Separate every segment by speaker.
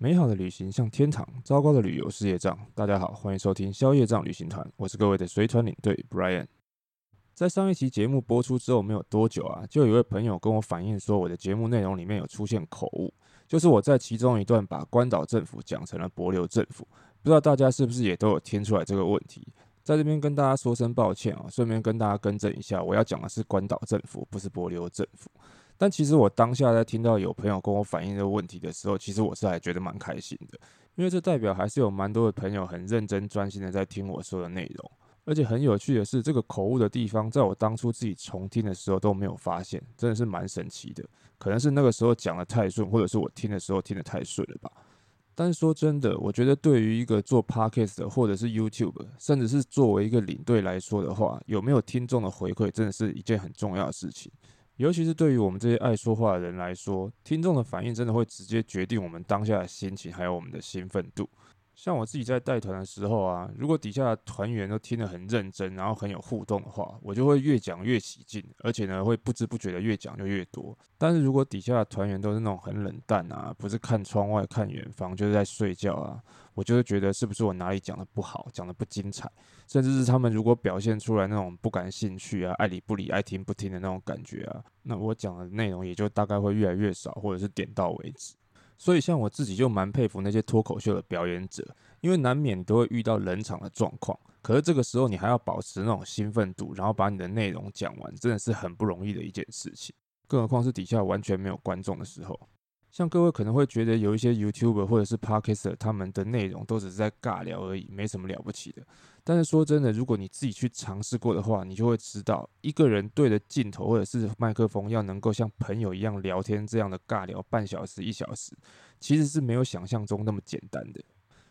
Speaker 1: 美好的旅行像天堂，糟糕的旅遊是業障。大家好，歡迎收聽消業障旅行團，我是各位的隨團領隊 Brian。在上一期節目播出之後沒有多久啊，就有一位朋友跟我反映說，我的節目內容裡面有出現口誤，就是我在其中一段把關島政府講成了帛琉政府。不知道大家是不是也都有聽出來這個問題？在這邊跟大家說聲抱歉啊，順便跟大家更正一下，我要講的是關島政府，不是帛琉政府。但其實我當下在聽到有朋友跟我反映這個問題的時候，其實我是還覺得蠻開心的，因為這代表還是有蠻多的朋友很認真專心的在聽我說的內容，而且很有趣的是，這個口誤的地方，在我當初自己重聽的時候都沒有發現，真的是蠻神奇的，可能是那個時候講得太順，或者是我聽的時候聽得太順了吧。但是說真的，我覺得對於一個做 podcast 的，或者是 YouTube，甚至是作為一個領隊來說的話，有沒有聽眾的回饋，真的是一件很重要的事情。尤其是對於我們這些愛說話的人來說，聽眾的反應真的會直接決定我們當下的心情，還有我們的興奮度。像我自己在帶團的時候啊，如果底下的團員都聽得很認真，然後很有互動的話，我就會越講越起勁，而且呢，會不知不覺的越講就越多。但是如果底下的團員都是那種很冷淡啊，不是看窗外，看遠方，就是在睡覺啊，我就會覺得是不是我哪裡講得不好，講得不精彩。甚至是他們如果表現出來那種不感興趣啊、愛理不理、愛聽不聽的那種感覺啊，那我講的內容也就大概會越來越少，或者是點到為止。所以像我自己就蠻佩服那些脫口秀的表演者，因為難免都會遇到冷場的狀況，可是這個時候你還要保持那種興奮度，然後把你的內容講完，真的是很不容易的一件事情。更何況是底下完全沒有觀眾的時候，像各位可能會覺得有一些 YouTuber 或者是 Podcaster 他們的內容都只是在尬聊而已，沒什麼了不起的。但是說真的，如果你自己去嘗試過的話，你就會知道，一個人對着鏡頭或者是麥克風，要能夠像朋友一樣聊天這樣的尬聊半小時一小時，其實是沒有想象中那麼簡單的。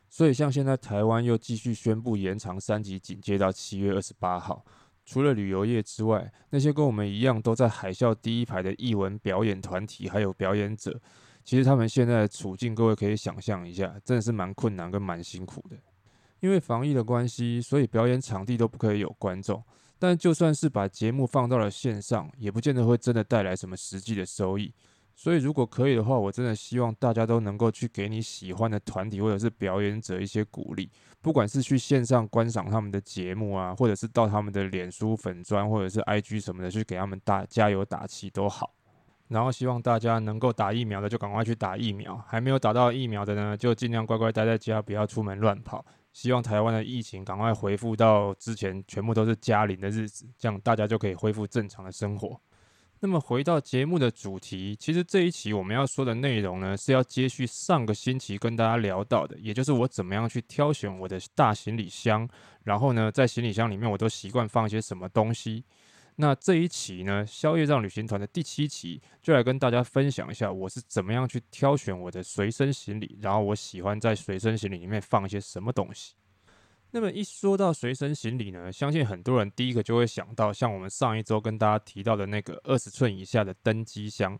Speaker 1: 所以像現在台灣又繼續宣布延長三級警戒到七月二十八號，除了旅遊業之外，那些跟我們一樣都在海嘯第一排的藝文表演團體還有表演者，其實他們現在的處境，各位可以想象一下，真的是蠻困難跟蠻辛苦的。因為防疫的關係，所以表演場地都不可以有觀眾。但就算是把節目放到了線上，也不見得會真的帶來什麼實際的收益。所以如果可以的話，我真的希望大家都能夠去給你喜歡的團體或者是表演者一些鼓勵，不管是去線上觀賞他們的節目啊，或者是到他們的臉書粉專或者是 IG 什麼的去給他們打加油打氣都好。然後希望大家能夠打疫苗的就趕快去打疫苗，還沒有打到疫苗的呢，就盡量乖乖待在家，不要出門亂跑。希望台灣的疫情趕快恢復到之前全部都是家人的日子，這樣大家就可以恢復正常的生活。那麼回到節目的主題，其實這一期我們要說的內容呢，是要接續上個星期跟大家聊到的，也就是我怎麼樣去挑選我的大行李箱，然後呢，在行李箱裡面我都習慣放一些什麼東西。那這一期呢，《消業障旅行團》的第七期就來跟大家分享一下，我是怎麼樣去挑選我的隨身行李，然後我喜歡在隨身行李裡面放一些什麼東西。那麼一說到隨身行李呢，相信很多人第一個就會想到，像我們上一周跟大家提到的那個二十寸以下的登機箱。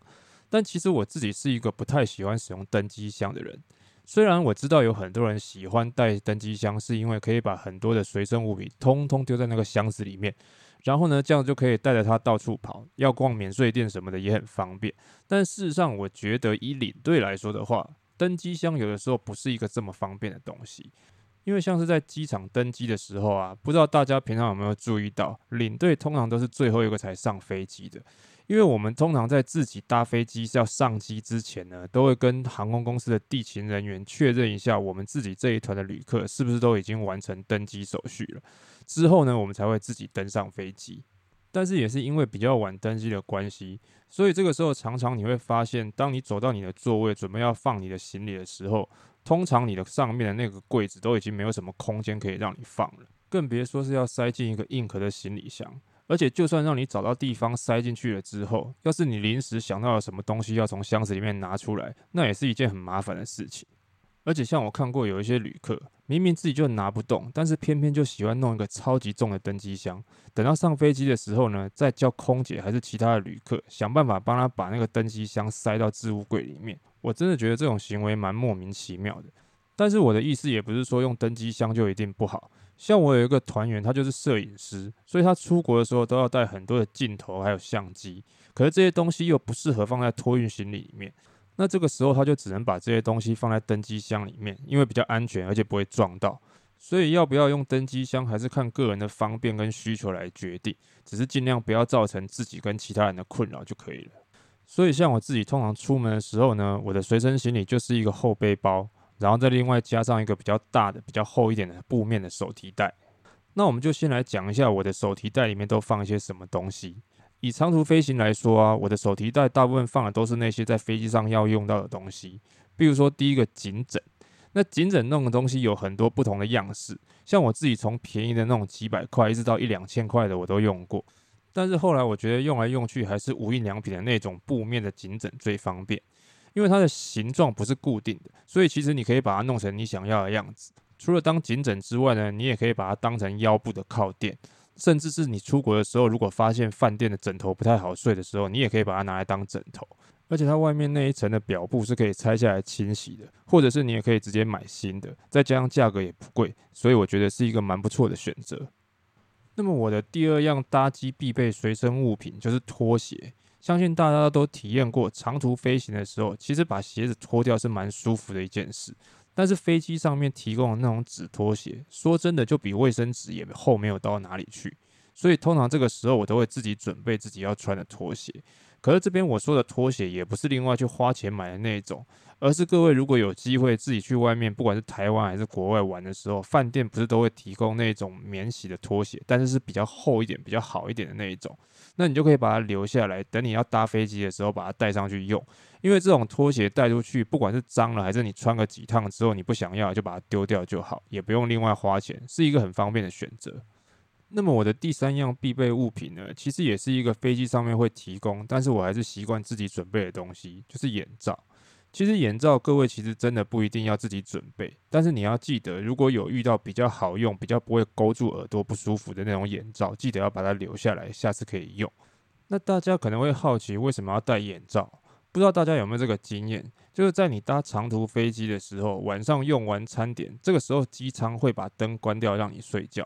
Speaker 1: 但其實我自己是一個不太喜歡使用登機箱的人，雖然我知道有很多人喜歡帶登機箱，是因為可以把很多的隨身物品通通丟在那個箱子裡面。然後呢，這樣就可以帶着它到處跑，要逛免稅店什麼的也很方便。但事實上，我覺得以領隊來說的話，登機箱有的時候不是一個這麼方便的東西，因為像是在機場登機的時候啊，不知道大家平常有沒有注意到，領隊通常都是最後一個才上飛機的。因為我們通常在自己搭飛機是要上機之前呢，都會跟航空公司的地勤人員確認一下，我們自己這一團的旅客是不是都已經完成登機手續了。之後呢，我們才會自己登上飛機。但是也是因為比較晚登機的關係，所以這個時候常常你會發現，當你走到你的座位準備要放你的行李的時候，通常你的上面的那個櫃子都已經沒有什麼空間可以讓你放了，更別說是要塞進一個硬殼的行李箱。而且，就算讓你找到地方塞進去了之後，要是你臨時想到了什麼東西要從箱子裡面拿出來，那也是一件很麻煩的事情。而且，像我看過有一些旅客，明明自己就拿不動，但是偏偏就喜歡弄一個超級重的登機箱。等到上飛機的時候呢，再叫空姐還是其他的旅客想辦法幫他把那個登機箱塞到置物櫃裡面。我真的覺得這種行為蠻莫名其妙的。但是我的意思也不是說用登機箱就一定不好。像我有一個團員，他就是攝影師，所以他出國的時候都要帶很多的鏡頭還有相機。可是這些東西又不適合放在託運行李裡面，那這個時候他就只能把這些東西放在登機箱裡面，因為比較安全，而且不會撞到。所以要不要用登機箱，還是看個人的方便跟需求來決定，只是盡量不要造成自己跟其他人的困擾就可以了。所以像我自己通常出門的時候呢，我的隨身行李就是一個後背包。然後再另外加上一個比較大的，比較厚一點的布面的手提袋。那我們就先來講一下我的手提袋裡面都放一些什麼東西。以長途飛行來說啊，我的手提袋大部分放的都是那些在飛機上要用到的東西，比如說第一個頸枕。那頸枕那種東西有很多不同的樣式，像我自己從便宜的那種幾百塊一直到一兩千塊的我都用過。但是後來我覺得用來用去還是無印良品的那種布面的頸枕最方便。因為它的形狀不是固定的，所以其實你可以把它弄成你想要的樣子。除了當頸枕之外呢，你也可以把它當成腰部的靠墊，甚至是你出國的時候，如果發現飯店的枕頭不太好睡的時候，你也可以把它拿來當枕頭。而且它外面那一層的表布是可以拆下來清洗的，或者是你也可以直接買新的。再加上價格也不貴，所以我覺得是一個蠻不錯的選擇。那麼我的第二樣搭機必備隨身物品就是拖鞋。相信大家都體驗過長途飛行的時候，其實把鞋子脫掉是蠻舒服的一件事。但是飛機上面提供的那種紙拖鞋，說真的就比衛生紙也厚，沒有到哪裡去。所以通常這個時候，我都會自己準備自己要穿的拖鞋。可是這邊我說的拖鞋也不是另外去花錢買的那一種，而是各位如果有機會自己去外面，不管是台灣還是國外玩的時候，飯店不是都會提供那種免洗的拖鞋，但是是比較厚一點、比較好一點的那一種，那你就可以把它留下來，等你要搭飛機的時候把它帶上去用。因為這種拖鞋帶出去，不管是髒了還是你穿個幾趟之後你不想要，就把它丟掉就好，也不用另外花錢，是一個很方便的選擇。那麼我的第三樣必備物品呢，其實也是一個飛機上面會提供，但是我還是習慣自己準備的東西，就是眼罩。其實眼罩各位其實真的不一定要自己準備，但是你要記得，如果有遇到比較好用、比較不會勾住耳朵不舒服的那種眼罩，記得要把它留下來，下次可以用。那大家可能會好奇，為什麼要戴眼罩？不知道大家有沒有這個經驗，就是在你搭長途飛機的時候，晚上用完餐點，這個時候機艙會把燈關掉，讓你睡覺。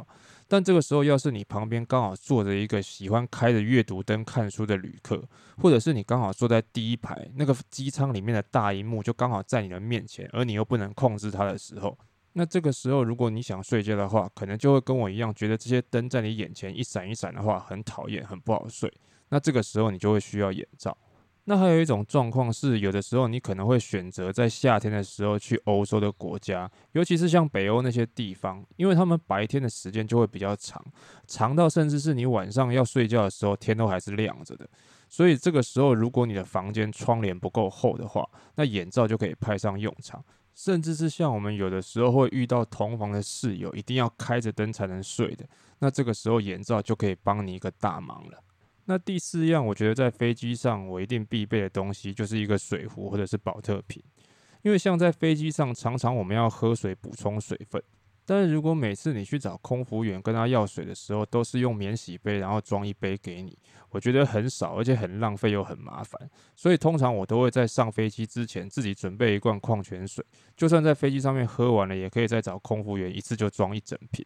Speaker 1: 但這個時候，要是你旁邊剛好坐着一個喜歡開着閱讀燈看書的旅客，或者是你剛好坐在第一排，那個機艙裡面的大熒幕就剛好在你的面前，而你又不能控制它的時候，那這個時候如果你想睡覺的話，可能就會跟我一樣，覺得這些燈在你眼前一閃一閃的話，很討厭，很不好睡。那這個時候你就會需要眼罩。那還有一種狀況是，有的時候你可能會選擇在夏天的時候去歐洲的國家，尤其是像北歐那些地方，因為他們白天的時間就會比較長，長到甚至是你晚上要睡覺的時候，天都還是亮着的。所以這個時候，如果你的房間窗簾不夠厚的話，那眼罩就可以派上用場。甚至是像我們有的時候會遇到同房的室友，一定要開着燈才能睡的，那這個時候眼罩就可以幫你一個大忙了。那第四樣，我覺得在飛機上我一定必備的東西就是一個水壺或者是寶特瓶，因為像在飛機上常常我們要喝水補充水分，但是如果每次你去找空服員跟他要水的時候，都是用免洗杯然後裝一杯給你，我覺得很少而且很浪費又很麻煩，所以通常我都會在上飛機之前自己準備一罐礦泉水，就算在飛機上面喝完了，也可以再找空服員一次就裝一整瓶。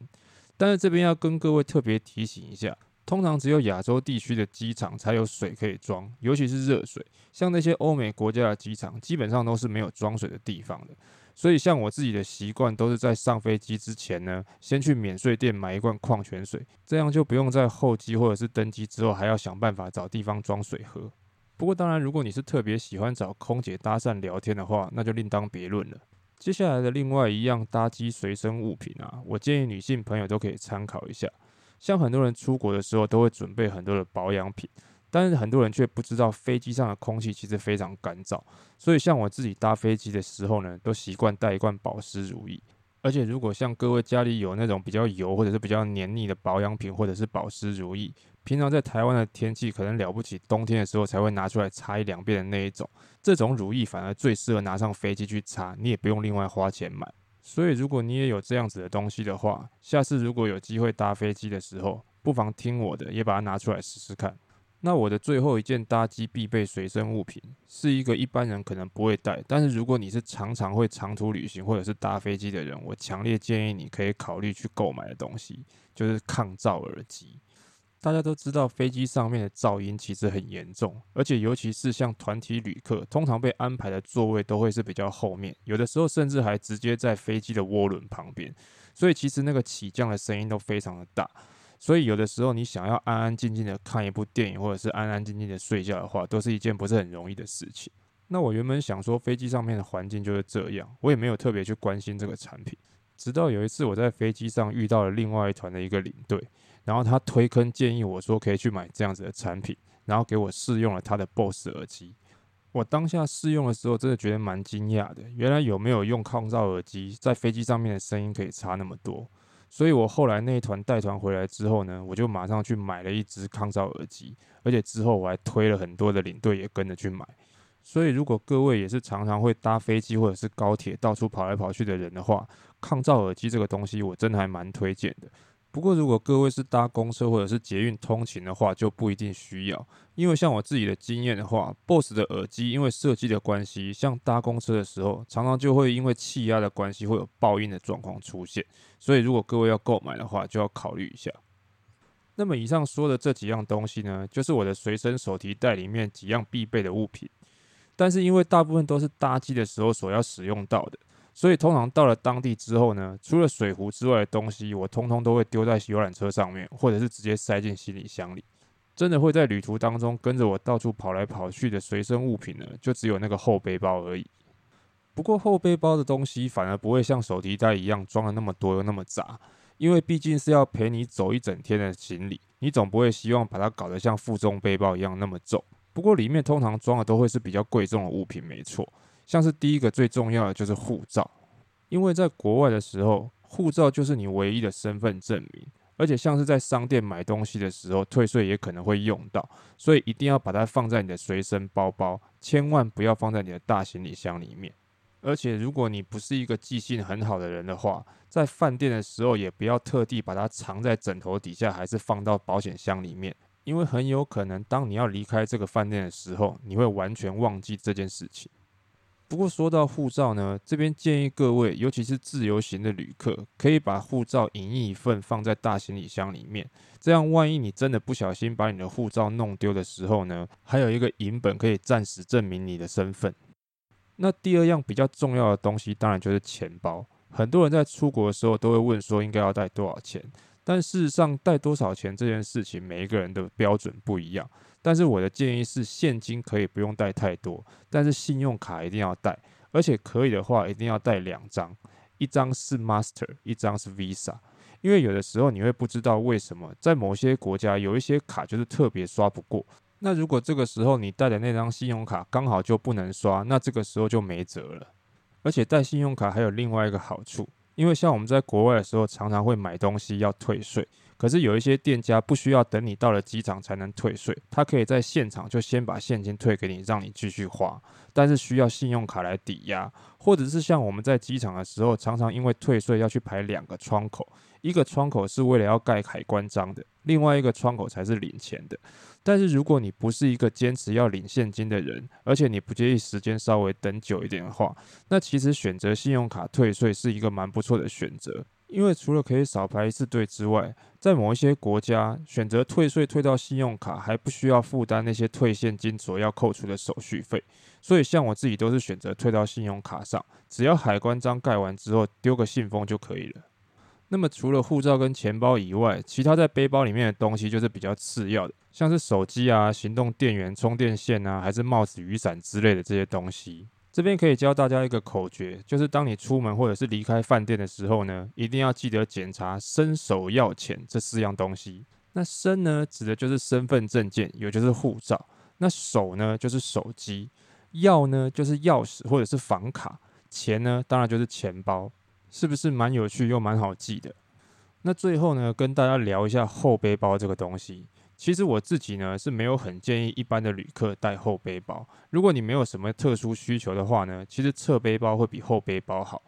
Speaker 1: 但是這邊要跟各位特別提醒一下。通常只有亞洲地區的機場才有水可以裝，尤其是熱水。像那些歐美國家的機場，基本上都是沒有裝水的地方的。所以，像我自己的習慣，都是在上飛機之前呢，先去免稅店買一罐礦泉水，這樣就不用在候機或者是登機之後還要想辦法找地方裝水喝。不過，當然，如果你是特別喜歡找空姐搭訕聊天的話，那就另當別論了。接下來的另外一樣搭機隨身物品啊，我建議女性朋友都可以參考一下。像很多人出國的時候都會準備很多的保養品，但是很多人却不知道飛機上的空氣其實非常乾燥，所以像我自己搭飛機的時候呢，都習慣帶一罐保濕乳液。而且如果像各位家裡有那種比較油或者是比較黏膩的保養品或者是保濕乳液，平常在台灣的天氣可能了不起，冬天的時候才會拿出來擦一兩遍的那一種，這種乳液反而最適合拿上飛機去擦，你也不用另外花錢買。所以，如果你也有這樣子的東西的話，下次如果有機會搭飛機的時候，不妨聽我的，也把它拿出來試試看。那我的最後一件搭機必備隨身物品，是一個一般人可能不會帶，但是如果你是常常會長途旅行或者是搭飛機的人，我強烈建議你可以考慮去購買的東西，就是抗噪耳機。大家都知道，飛機上面的噪音其實很嚴重，而且尤其是像團體旅客，通常被安排的座位都會是比較後面，有的時候甚至還直接在飛機的渦輪旁邊，所以其實那個起降的聲音都非常的大，所以有的時候你想要安安靜靜的看一部電影，或者是安安靜靜的睡覺的話，都是一件不是很容易的事情。那我原本想說飛機上面的環境就是這樣，我也沒有特別去關心這個產品，直到有一次我在飛機上遇到了另外一團的一個領隊。然後他推坑建議我說可以去買這樣子的產品，然後給我試用了他的 Bose 耳機。我當下試用的時候，真的覺得蠻驚訝的。原來有沒有用抗噪耳機，在飛機上面的聲音可以差那麼多。所以我後來那一團帶團回來之後呢，我就馬上去買了一支抗噪耳機，而且之後我還推了很多的領隊也跟着去買。所以如果各位也是常常會搭飛機或者是高鐵到處跑來跑去的人的話，抗噪耳機這個東西我真的還蠻推薦的。不過，如果各位是搭公車或者是捷運通勤的話，就不一定需要，因為像我自己的經驗的話，BOSS 的耳機，因為設計的關係，像搭公車的時候，常常就會因為氣壓的關係，會有爆音的狀況出現。所以，如果各位要購買的話，就要考慮一下。那麼，以上說的這幾樣東西呢，就是我的隨身手提袋裡面幾樣必備的物品。但是，因為大部分都是搭機的時候所要使用到的。所以通常到了當地之後呢，除了水壺之外的東西，我通通都會丟在遊覽車上面，或者是直接塞進行李箱裡。真的會在旅途當中跟着我到處跑來跑去的隨身物品呢，就只有那個後背包而已。不過後背包的東西反而不會像手提袋一樣裝得那麼多又那麼雜，因為畢竟是要陪你走一整天的行李，你總不會希望把它搞得像負重背包一樣那麼重。不過裡面通常裝的都會是比較貴重的物品，沒錯。像是第一個最重要的就是護照，因為在國外的時候，護照就是你唯一的身份證明，而且像是在商店買東西的時候，退稅也可能會用到，所以一定要把它放在你的隨身包包，千萬不要放在你的大行李箱裡面。而且如果你不是一個記性很好的人的話，在飯店的時候也不要特地把它藏在枕頭底下，還是放到保險箱裡面，因為很有可能當你要離開這個飯店的時候，你會完全忘記這件事情。不過說到護照呢，這邊建議各位，尤其是自由行的旅客，可以把護照影印一份放在大行李箱裡面。這樣萬一你真的不小心把你的護照弄丟的時候呢，還有一個影本可以暫時證明你的身份。那第二樣比較重要的東西，當然就是錢包。很多人在出國的時候都會問說，應該要帶多少錢？但事實上，帶多少錢這件事情，每一個人的標準不一樣。但是我的建議是，現金可以不用帶太多，但是信用卡一定要帶，而且可以的話一定要帶兩張，一張是 Master，一張是 Visa，因為有的時候你會不知道為什麼在某些國家有一些卡就是特別刷不過。那如果這個時候你帶的那張信用卡剛好就不能刷，那這個時候就沒轍了。而且帶信用卡還有另外一個好處，因為像我們在國外的時候常常會買東西要退稅。可是有一些店家不需要等你到了機場才能退稅，他可以在現場就先把現金退給你，讓你繼續花。但是需要信用卡來抵押，或者是像我們在機場的時候，常常因為退稅要去排兩個窗口，一個窗口是為了要蓋海關章的，另外一個窗口才是領錢的。但是如果你不是一個堅持要領現金的人，而且你不介意時間稍微等久一點的話，那其實選擇信用卡退稅是一個蠻不錯的選擇。因為除了可以少排一次隊之外，在某一些國家選擇退稅退到信用卡，還不需要負擔那些退現金所要扣除的手續費，所以像我自己都是選擇退到信用卡上，只要海關章蓋完之後丟個信封就可以了。那麼除了護照跟錢包以外，其他在背包裡面的東西就是比較次要的，像是手機啊、行動電源、充電線啊，還是帽子、雨傘之類的這些東西。這邊可以教大家一個口訣，就是當你出門或者是離開飯店的時候呢，一定要記得檢查身、手、要、錢這四樣東西。那身呢，指的就是身份證件，也就是護照；那手呢，就是手機；要呢，就是鑰匙或者是房卡；錢呢，當然就是錢包。是不是蠻有趣又蠻好記的？那最後呢，跟大家聊一下後背包這個東西。其實我自己呢是沒有很建議一般的旅客帶後背包。如果你沒有什麼特殊需求的話呢，其實側背包會比後背包好。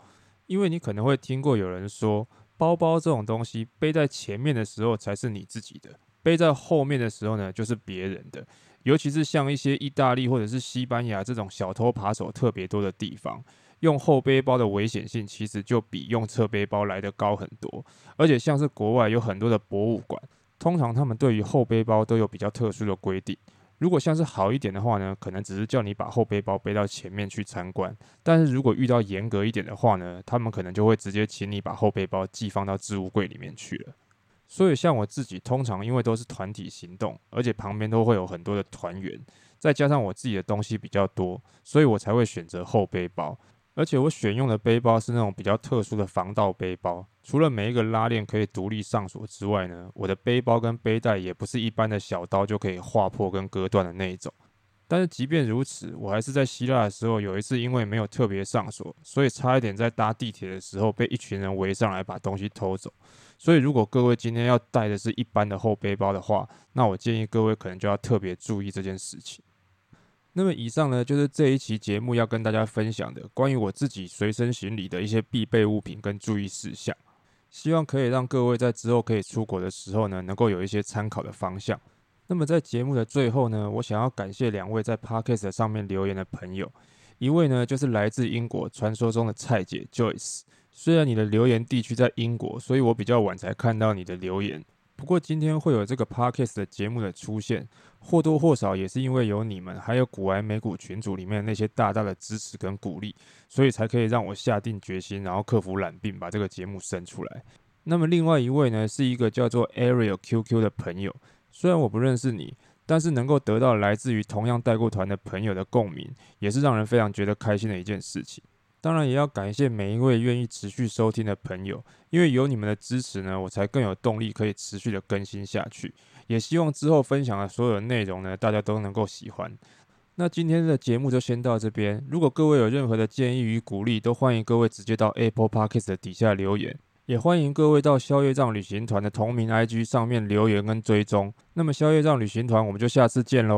Speaker 1: 因為你可能會聽過有人說，包包這種東西背在前面的時候才是你自己的，背在後面的時候呢就是別人的。尤其是像一些意大利或者是西班牙這種小偷扒手特別多的地方，用後背包的危險性其實就比用側背包來得高很多。而且像是國外有很多的博物館，通常他們對於後背包都有比較特殊的規定。如果像是好一點的話呢，可能只是叫你把後背包背到前面去參觀。但是如果遇到嚴格一點的話呢，他們可能就會直接請你把後背包寄放到置物櫃裡面去了。所以像我自己，通常因為都是團體行動，而且旁邊都會有很多的團員，再加上我自己的東西比較多，所以我才會選擇後背包。而且我選用的背包是那種比較特殊的防盜背包，除了每一個拉鏈可以獨立上鎖之外呢，我的背包跟背帶也不是一般的小刀就可以劃破跟割斷的那一種。但是即便如此，我還是在希臘的時候有一次因為沒有特別上鎖，所以差一點在搭地鐵的時候被一群人圍上來把東西偷走。所以如果各位今天要帶的是一般的後背包的話，那我建議各位可能就要特別注意這件事情。那麼以上呢，就是這一期節目要跟大家分享的關於我自己隨身行李的一些必備物品跟注意事項，希望可以讓各位在之後可以出國的時候呢，能夠有一些參考的方向。那麼在節目的最後呢，我想要感謝兩位在 Podcast 上面留言的朋友，一位呢就是來自英國傳說中的蔡姐 Joyce，雖然你的留言地區在英國，所以我比較晚才看到你的留言。不過今天會有這個 podcast 的節目的出現，或多或少也是因為有你們，還有股癌美股群組裡面的那些大大的支持跟鼓勵，所以才可以讓我下定決心，然後克服懶病，把這個節目生出來。那麼另外一位呢，是一個叫做 Ariel QQ 的朋友，雖然我不認識你，但是能夠得到來自於同樣帶過團的朋友的共鳴，也是讓人非常覺得開心的一件事情。當然也要感謝每一位願意持續收聽的朋友，因為有你們的支持呢，我才更有動力可以持續的更新下去。也希望之後分享的所有內容呢，大家都能夠喜歡。那今天的節目就先到這邊，如果各位有任何的建議與鼓勵，都歡迎各位直接到 Apple Podcast 的底下留言，也歡迎各位到消業障旅行團的同名 IG 上面留言跟追蹤。那麼消業障旅行團，我們就下次見嘍。